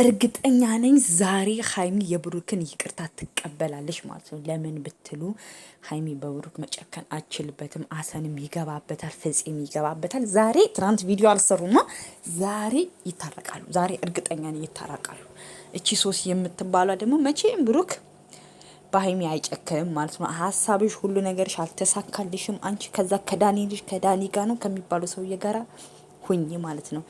እርግጠኛ ነኝ ዛሬ ሀይሚ የብሩክን ይቅርታ ትቀበላለች ማለት ነው። ለምን ብትሉ ሀይሚ በብሩክ መጨከን አችልበትም። አሰንም ይገባበታል፣ ፍጼም ይገባበታል። ዛሬ ትናንት ቪዲዮ አልሰሩማ። ዛሬ ይታረቃሉ። ዛሬ እርግጠኛ ነኝ ይታረቃሉ። እቺ ሶስት የምትባሏ ደግሞ መቼም ብሩክ በሀይሚ አይጨክንም ማለት ነው። ሀሳብሽ ሁሉ ነገርሽ አልተሳካልሽም። አንቺ ከዛ ከዳኒ ልጅ ከዳኒ ጋ ነው ከሚባሉ ሰውዬ ጋራ ሆኜ ማለት ነው።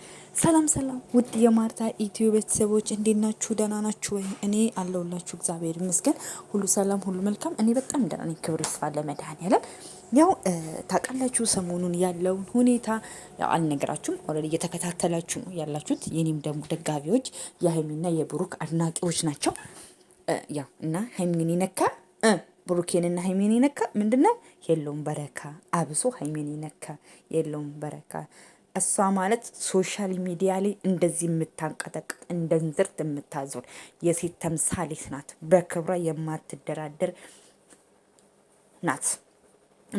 ሰላም ሰላም፣ ውድ የማርታ ኢትዮ ቤተሰቦች እንዴት ናችሁ? ደህና ናችሁ ወይ? እኔ አለሁላችሁ እግዚአብሔር ይመስገን፣ ሁሉ ሰላም፣ ሁሉ መልካም። እኔ በጣም ደህና ነኝ። ክብር ይስፋ ለመድኃኔዓለም። ያው ታውቃላችሁ ሰሞኑን ያለውን ሁኔታ ያው አልነገራችሁም። ኦልሬዲ እየተከታተላችሁ ነው ያላችሁት። የኔም ደግሞ ደጋፊዎች የሀይሚና የብሩክ አድናቂዎች ናቸው። ያው እና ሀይሚን ይነካ ብሩኬንና ሀይሜን ይነካ ምንድነው? የለውም በረካ አብሶ ሀይሜን ይነካ የለውም በረካ እሷ ማለት ሶሻል ሚዲያ ላይ እንደዚህ የምታንቀጠቅጥ እንደ እንዝርት የምታዞር የሴት ተምሳሌት ናት። በክብሯ የማትደራደር ናት።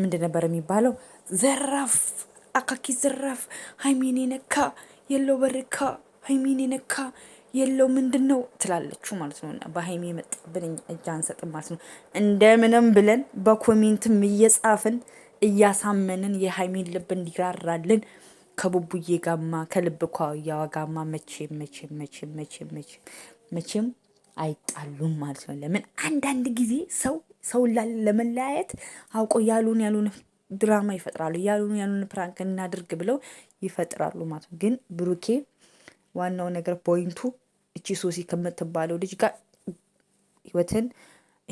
ምንድን ነበር የሚባለው? ዘራፍ አካኪ ዘራፍ፣ ሀይሚን ነካ የለው በርካ፣ ሀይሚን ነካ የለው ምንድን ነው ትላለችው ማለት ነው። በሀይሚ የመጣብን እጅ አንሰጥም ማለት ነው። እንደምንም ብለን በኮሜንትም እየጻፍን እያሳመንን የሀይሚን ልብ እንዲራራልን ከቡቡዬ ጋማ ከልብ ኳያዋ ጋማ መቼም መቼም መቼም መቼም መቼም መቼም አይጣሉም ማለት ነው። ለምን አንዳንድ ጊዜ ሰው ሰውን ለመለያየት አውቆ ያሉን ያሉን ድራማ ይፈጥራሉ። ያሉን ያሉን ፕራንክ እናድርግ ብለው ይፈጥራሉ ማለት ነው። ግን ብሩኬ ዋናው ነገር ፖይንቱ እቺ ሶሲ ከምትባለው ልጅ ጋር ህይወትን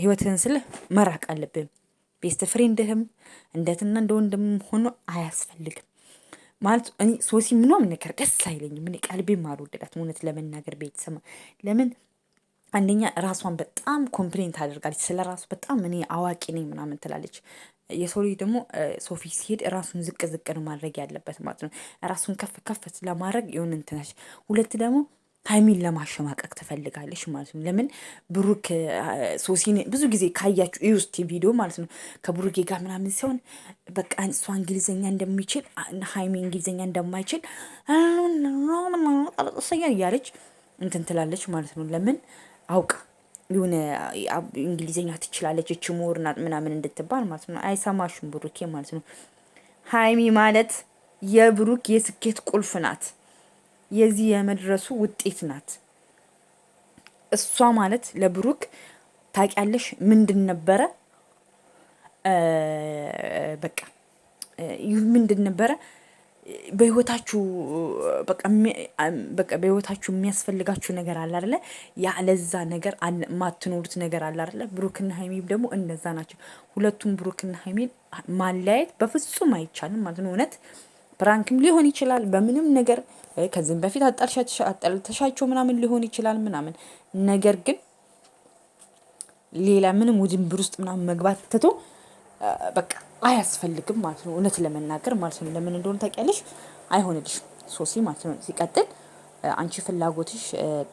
ህይወትን ስለ መራቅ አለብን። ቤስት ፍሬንድህም እንደትና እንደ ወንድም ሆኖ አያስፈልግም። ማለት እኔ ሶሲ ምኗም ነገር ደስ አይለኝም። እኔ ቀልቤም አልወደዳትም እውነት ለመናገር ቤተሰማ ለምን አንደኛ ራሷን በጣም ኮምፕሌንት አደርጋለች። ስለ ራሱ በጣም እኔ አዋቂ ነኝ ምናምን ትላለች። የሰው ልጅ ደግሞ ሶፊ ሲሄድ ራሱን ዝቅ ዝቅ ነው ማድረግ ያለበት ማለት ነው። ራሱን ከፍ ከፍ ለማድረግ የሆነ እንትናች ሁለት ደግሞ ሀይሚን ለማሸማቀቅ ትፈልጋለች ማለት ነው። ለምን ብሩክ ሶሲን ብዙ ጊዜ ካያችሁ ዩስቲ ቪዲዮ ማለት ነው ከብሩኬ ጋር ምናምን ሲሆን በቃ እሷ እንግሊዝኛ እንደሚችል ሀይሚ እንግሊዝኛ እንደማይችል ጠለጠሰኛ እያለች እንትን ትላለች ማለት ነው። ለምን አውቃ የሆነ እንግሊዝኛ ትችላለች እች ምሁር ምናምን እንድትባል ማለት ነው። አይሰማሽም ብሩኬ ማለት ነው። ሀይሚ ማለት የብሩክ የስኬት ቁልፍ ናት። የዚህ የመድረሱ ውጤት ናት። እሷ ማለት ለብሩክ ታውቂያለሽ ምንድን ነበረ በቃ ምንድን ነበረ በህይወታችሁ በቃ በህይወታችሁ የሚያስፈልጋችሁ ነገር አለ አይደለ? ያለዛ ነገር ማትኖሩት ነገር አለ አይደለ? ብሩክና ሀይሚም ደግሞ እንደዛ ናቸው። ሁለቱም ብሩክና ሀይሚን ማለያየት በፍጹም አይቻልም ማለት ነው እውነት ፕራንክም ሊሆን ይችላል በምንም ነገር ከዚህም በፊት አጣልተሻቸው ምናምን ሊሆን ይችላል ምናምን ነገር ግን ሌላ ምንም ውድንብር ውስጥ ምናምን መግባት ትቶ በቃ አያስፈልግም ማለት ነው። እውነት ለመናገር ማለት ነው። ለምን እንደሆነ ታውቂያለሽ? አይሆንልሽ ሶሲ ማለት ነው። ሲቀጥል አንቺ ፍላጎትሽ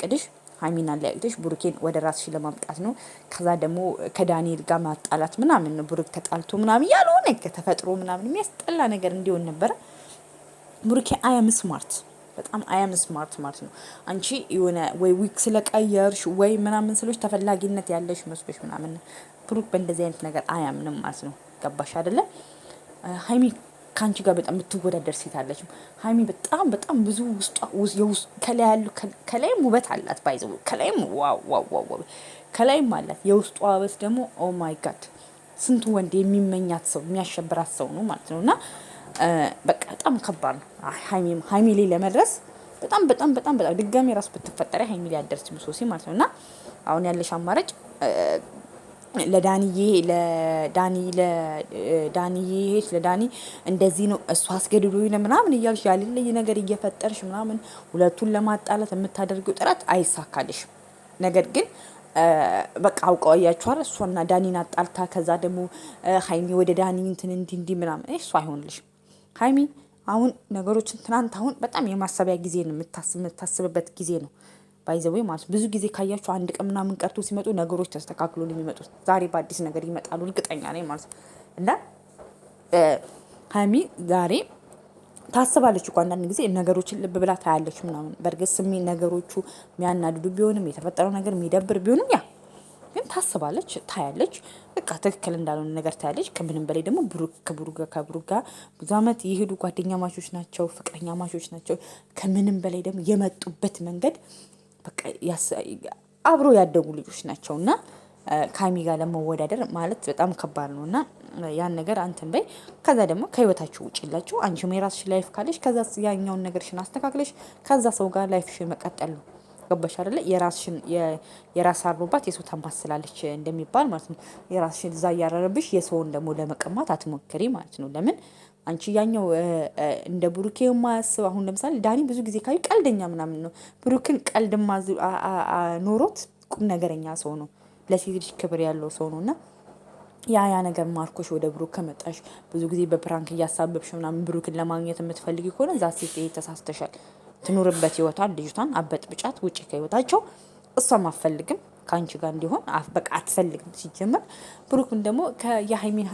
ቅድሽ ሀይሚና ሊያቅትሽ ብሩኬን ወደ ራስሽ ለማምጣት ነው። ከዛ ደግሞ ከዳንኤል ጋር ማጣላት ምናምን ብሩክ ተጣልቶ ምናምን ያልሆነ ተፈጥሮ ምናምን የሚያስጠላ ነገር እንዲሆን ነበረ። ሙርኬ አያም ስማርት በጣም አያም ስማርት ማለት ነው። አንቺ የሆነ ወይ ዊክ ስለቀየርሽ ወይ ምናምን ስሎች ተፈላጊነት ያለሽ መስሎች ምናምን ብሩክ በእንደዚህ አይነት ነገር አያምንም ማለት ነው። ገባሽ አይደለ? ሀይሚ ከአንቺ ጋር በጣም የምትወዳደር ሴት አለች። ሀይሚ በጣም በጣም ብዙ ውስጧ ከላይ ያሉ ከላይም ውበት አላት ባይዘ ከላይም ዋዋዋ ከላይም አላት። የውስጧ ውበት ደግሞ ኦ ማይ ጋድ ስንቱ ወንድ የሚመኛት ሰው የሚያሸብራት ሰው ነው ማለት ነው እና በቃ በጣም ከባድ ነው። ሀይሚሌ ለመድረስ በጣም በጣም በጣም በጣም ድጋሚ ራሱ ብትፈጠረ ሀይሚሌ ላይ አደርስም ሶሲ ማለት ነው። እና አሁን ያለሽ አማራጭ ለዳንዬ ለዳኒ ለዳንዬ ሄች ለዳኒ እንደዚህ ነው እሱ አስገድዶ ነ ምናምን እያልሽ ያልለይ ነገር እየፈጠርሽ ምናምን ሁለቱን ለማጣላት የምታደርገው ጥረት አይሳካልሽም። ነገር ግን በቃ አውቀዋያችኋል እሷና ዳኒን አጣልታ ከዛ ደግሞ ሀይሚ ወደ ዳኒ እንትን እንዲ እንዲ ምናምን እሱ አይሆንልሽም። ሀይሚ አሁን ነገሮችን ትናንት አሁን በጣም የማሰቢያ ጊዜ ነው የምታስብበት ጊዜ ነው። ባይዘዌ ማለት ብዙ ጊዜ ካያችሁ አንድ ቀን ምናምን ቀርቶ ሲመጡ ነገሮች ተስተካክሎ ነው የሚመጡት። ዛሬ በአዲስ ነገር ይመጣሉ እርግጠኛ ነኝ ማለት ነው። እና ሀይሚ ዛሬ ታስባለች እኮ አንዳንድ ጊዜ ነገሮችን ልብ ብላ ታያለች ምናምን። በእርግጥ ስሜ ነገሮቹ የሚያናድዱ ቢሆንም የተፈጠረው ነገር የሚደብር ቢሆንም ያ ግን ታስባለች፣ ታያለች። በቃ ትክክል እንዳልሆነ ነገር ታያለች። ከምንም በላይ ደግሞ ብሩክ ከብሩክ ጋር ከብሩክ ጋር ብዙ ዓመት የሄዱ ጓደኛ ማቾች ናቸው፣ ፍቅረኛ ማቾች ናቸው። ከምንም በላይ ደግሞ የመጡበት መንገድ በቃ አብሮ ያደጉ ልጆች ናቸው እና ካሚ ጋር ለመወዳደር ማለት በጣም ከባድ ነው እና ያን ነገር አንተን በይ። ከዛ ደግሞ ከህይወታችሁ ውጭላችሁ አንቺም የራስሽ ላይፍ ካለሽ ከዛ ያኛውን ነገርሽን አስተካክለሽ ከዛ ሰው ጋር ላይፍሽን መቀጠል ነው። ገባሽ አይደለ? የራስሽን የራስ አርቦባት የሰው ታማስላለች እንደሚባል ማለት ነው። የራስሽን እዛ እያረረብሽ የሰውን ደግሞ ለመቀማት አትሞክሪ ማለት ነው። ለምን አንቺ ያኛው እንደ ብሩኬ የማያስብ አሁን ለምሳሌ ዳኒ ብዙ ጊዜ ካዩ ቀልደኛ ምናምን ነው። ብሩክን ቀልድማ ኖሮት ቁም ነገረኛ ሰው ነው። ለሴት ልጅ ክብር ያለው ሰው ነው እና ያ ያ ነገር ማርኮሽ ወደ ብሩክ ከመጣሽ ብዙ ጊዜ በፕራንክ እያሳበብሽ ምናምን ብሩክን ለማግኘት የምትፈልግ ከሆነ እዛ ሴት ተሳስተሻል። ትኑርበት ህይወቷን፣ ልጅቷን አበጥ ብጫት ውጭ ከህይወታቸው። እሷም አፈልግም ከአንቺ ጋር እንዲሆን በቃ አትፈልግም ሲጀመር። ብሩክም ደግሞ የሀይሚን